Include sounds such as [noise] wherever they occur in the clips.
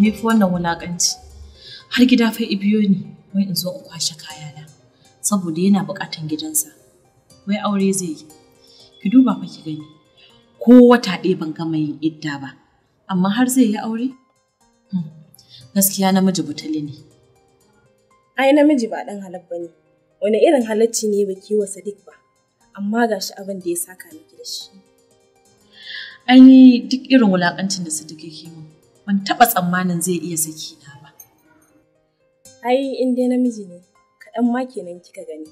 me fi wannan wulaƙanci har gida fa ibiyo ne wai in zo in kwashe kayana saboda yana buƙatan gidansa wai aure zai yi ki duba fa ki gani ko wata ɗaya ban gama yin idda ba amma har zai yi aure hmm, gaskiya namiji butali ne ai namiji ba ɗan halab ne wani irin halacci ne baki wa sadiq ba amma gashi abin da ya saka miki da shi yi duk irin wulakancin da sadiq ke ban taɓa tsammanin zai iya saki na ba. Ai in dai namiji ne kaɗan ma kenan kika gani.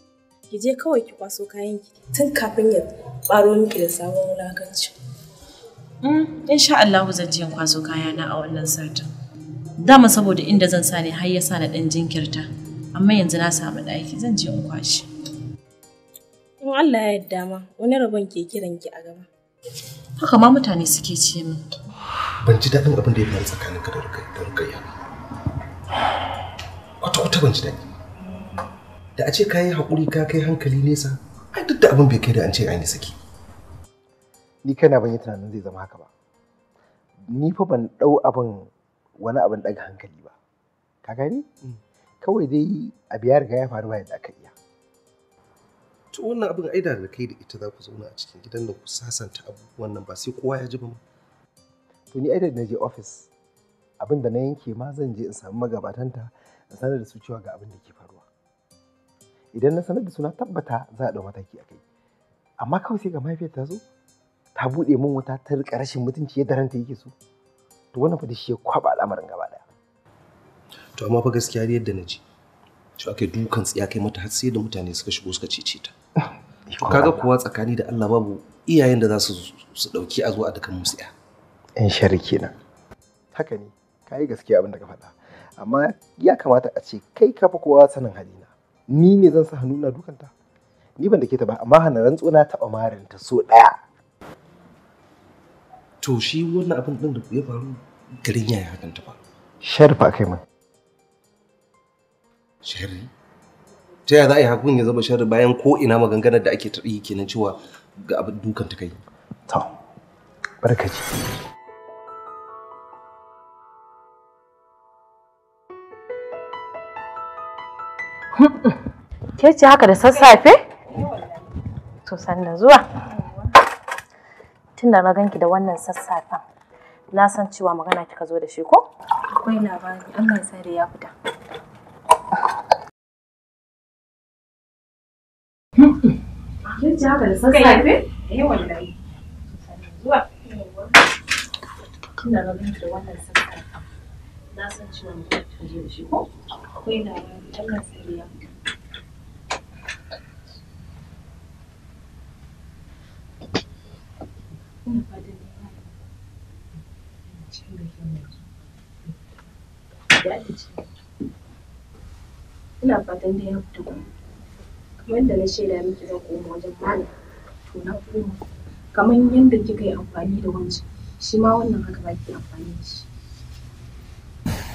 Ki je kawai ki kwaso kayan ki tun kafin ya ɓaro miki da sabon wulakanci. Mm, insha Allah zan je in kwaso kaya na a wannan satin. Dama saboda inda zan sa ne har ya sa na ɗan jinkirta. Amma yanzu na samu ɗaki zan je in kwashi. In Allah ya yarda ma wani rabon ke kiran ki a gaba. Haka ma mutane suke ce min. ban ji daɗin abin da ya faru ka da rukayya ba kwata-kwata ban ji daɗi da a ce ka yi haƙuri ka kai hankali nesa ai duk da abin bai kai da an ce an ni saki ni kaina ban yi tunanin zai zama haka ba ni fa ban ɗau abin wani abin ɗaga hankali ba ka gani mm. kawai dai a biyar riga ya faru ba yadda aka iya to wannan abin aida da kai da ita za ku zauna a cikin gidan da ku sasanta abubuwan nan ba sai kowa ya ji ba ma to ni ai na je ofis abin da na yanke ma zan je in samu magabatanta in sanar da su cewa ga abin da ke faruwa idan na sanar da su na tabbata za a ɗau mataki a kai amma kawai sai ga mahaifiyar ta zo ta buɗe min wata ta rika rashin mutunci yadda ranta yake so to wannan fa da shi ya kwaba al'amarin gaba ɗaya to amma fa gaskiya yadda na ji to aka dukan tsiya kai mata har sai da mutane suka shigo suka cece ta [laughs] kaga kuwa tsakani da Allah babu iyayen da za su su dauki a zo a dukan musu ya 'yan shari kenan haka ne ka yi gaskiya abin da ka faɗa amma ya kamata a ce kai ka fi kowa sanin halina ni ne zan sa hannuna dukanta ni ban da ke ta ba amma hana rantsu na taɓa marin ta so ɗaya to shi wannan abin ɗin da ya faru garin yaya hakan ta ba sharfa kai man sharri ta yaya za a yi hakun ya zama sharri bayan ko ina maganganar da ake taɓi kenan cewa ga abin dukanta kai to barkaci Ke ce haka da sassafe? To sanda zuwa. Tunda na ganki da wannan sassafen, na san cewa magana kika zo da shi ko? Akwai labari, Allah ya da ya fita. Ke ce haka da sassafe? Eh wallahi. Zuwa. ganki da wannan na san ciwon da ta je shi ko akwai na Allah sai ya ina fatan ne cin da ke da ce da ya fito kamar da na shaida miki zan koma wajen malam to na koma kamar yadda kika yi amfani da wancan shi ma wannan haka ba ki amfani da shi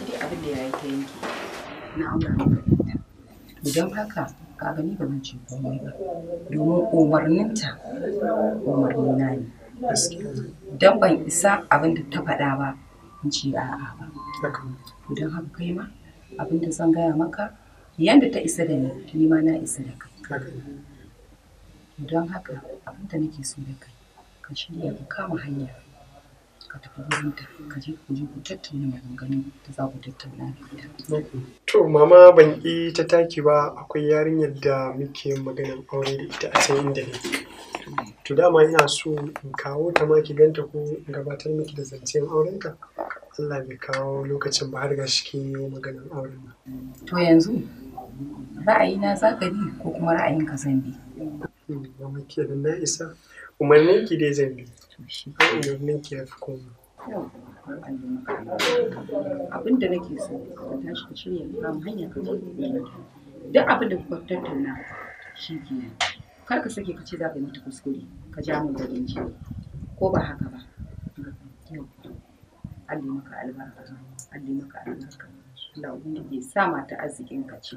ki dai abin da ya yi ta yanki na aura maka ita don haka ka gani ba zan komai ba domin umarninta umarni na ne don ban isa abin da ta faɗa ba in ce a'a ba don haka kai ma abin da zan gaya maka yanda ta isa da ni ni ma na isa da kai don haka abin da nake so da kai ka shirya ka kama hanya ka tafi gurin ta ka je ku je ku tattauna maganganu da za ku tattauna da ita. To mama ban yi ta taki ba akwai yarinyar da muke maganar aure da ita a can inda ne. To dama ina so in kawo ta ma ki ganta ko in gabatar miki da zancen ka. Allah bai kawo lokacin ba har ga shi ke maganar auren ba. To yanzu ra'ayina za ka bi ko kuma ra'ayinka zan bi? Hmm, mama da na isa Umarnin ki dai zan bi. abin da nake so ka tashi ka shirya ka kama hanya ka je duk abin da kuka tattauna shi ke kenan kar ka sake ka ce za ka yi mata kuskure ka ja min bakin jini ko ba haka ba Allah maka albarka Allah maka albarka Allah ubangiji ya sa mata arzikin ka ce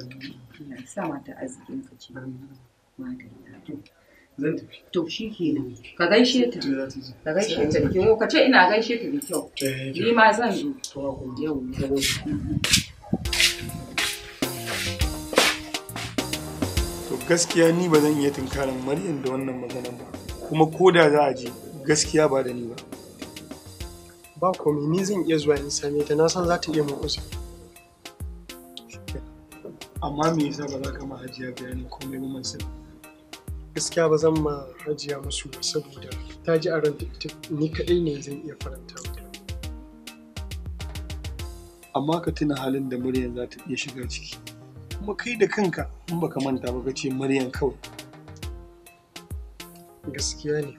Allah sa mata arzikin ka ce madalla to zan tafi to shi kenan ka gaishe ta ka gaishe ta ki ka ce ina gaishe ta da kyau eh, ni ma zan zo yau to gaskiya ni ba zan iya tunkarin maryam da wannan magana ba kuma ko da za a je gaskiya ba da ni ba ba komai ni zan iya zuwa in same ta na san za ta iya mun kusa. amma me yasa ba za ka ma hajiya bayani komai ba mun sani gaskiya ba zan ma hajiya musu saboda ta ji a ranta ni kaɗai ne zan iya faranta mata amma ka tuna halin da muryan za ta iya shiga ciki kuma kai da kanka in baka manta ba ka ce Maryam kawai gaskiya ne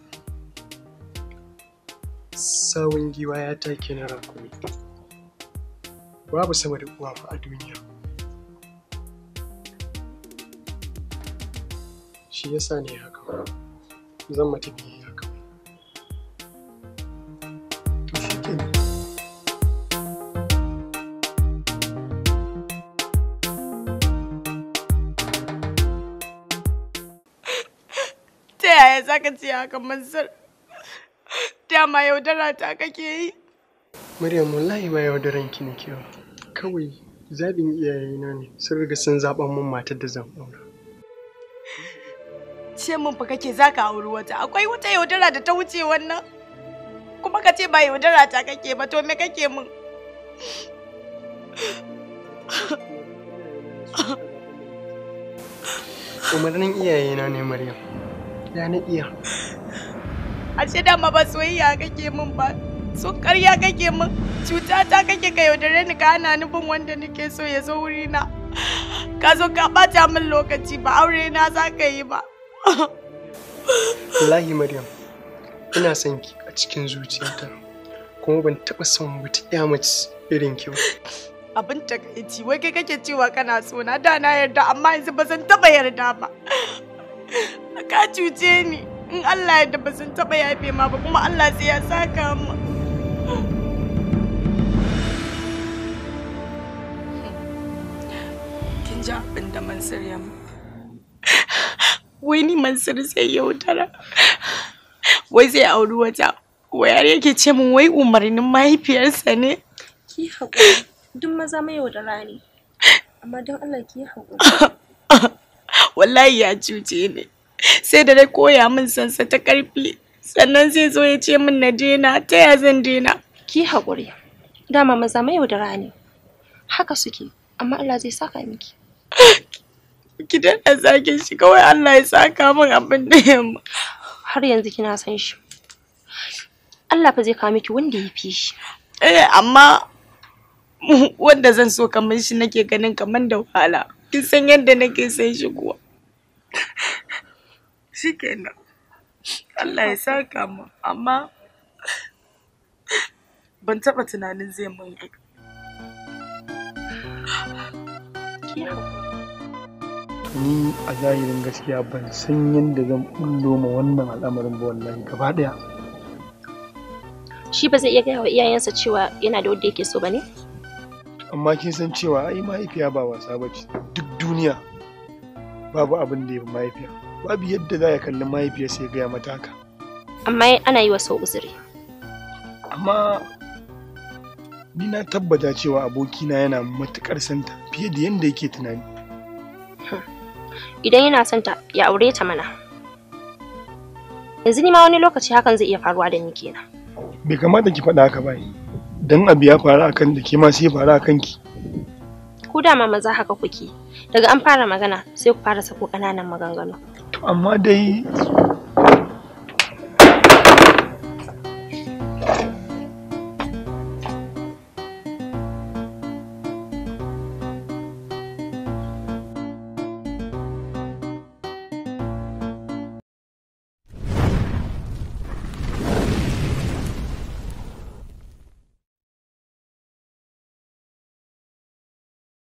sawun giwa ya take na rakumi babu sama da uwa fa a duniya shi yasa ne haka zan mata biyayya haka to ta yaya za ka ce haka mansur dama yaudara ta kake yi Maryam wallahi ma yaudaran ki nake kawai zaɓin iyayena ne sun riga sun zaɓa mun matar da zan aura ce min fa kake zaka auri wata akwai wata yaudara da ta wuce wannan kuma ka ce ba yaudara ta kake ba to me kake min umarnin iyayena ne maryam ya na iya a ce dama ba soyayya kake min ba sun karya kake min cuta ta kake ka yaudare ni ka hana ni bin wanda nake so ya zo wurina ka zo ka ɓata min lokaci ba aure na za ka yi ba Wallahi Maryam, ina son ki a cikin zuciyata, kuma ban taɓa son wata iya mace irin ki ba. Abin takaici, wai kai kake cewa kana so na da na yarda amma yanzu ba zan taɓa yarda ba. Ka cuce ni, in Allah yarda ba zan taɓa yafe ma ba kuma Allah sai ya saka mu. Kin ji abin da Mansur ya wai ni mansur sai ya wutara wai zai auri wata wayar yake ce min wai umarnin mahaifiyarsa ne ki haƙuri duk maza mai yaudara ne amma don Allah ki haƙuri [laughs] wallahi ya cuce ne sai da dai koya min sansa ta ƙarfi sannan zai zo ya ce min na daina ta ya zan daina ki haƙuri dama maza mai yaudara ne haka suke amma Allah zai saka miki [laughs] ki daɗa sake shi kawai Allah ya saka min abin da yamma. Har yanzu kina san shi. Allah fa zai kawo miki wanda ya fi shi. Eh amma wanda zan so kamar shi nake ganin kamar da wahala. Kin san yadda nake san shi kuwa. Shi kenan. Allah ya saka mu amma ban taɓa tunanin zai mun. Ki hakuri. ni a zahirin gaskiya ban san yadda zan bullo ma wannan al'amarin ba wallahi gaba daya shi ba zai iya gaya wa iyayensa cewa yana da wanda yake so ba ne amma kin san cewa ai mahaifiya ba wasa ba ce duk duniya babu abin da ya fi mahaifiya babu yadda za ya kalli mahaifiya sai gaya mata haka amma ana yi wa sau uzuri amma ni na tabbata cewa abokina yana matukar santa fiye da yadda yake tunani idan yana son ta ya aure ta mana yanzu ni ma wani lokaci hakan zai iya faruwa da ni kenan bai kamata ki faɗa haka ba dan abu ya faru akan da ke ma sai faru akan ki ku dama maza haka kuke daga an fara magana sai ku fara sako ƙananan maganganu to amma dai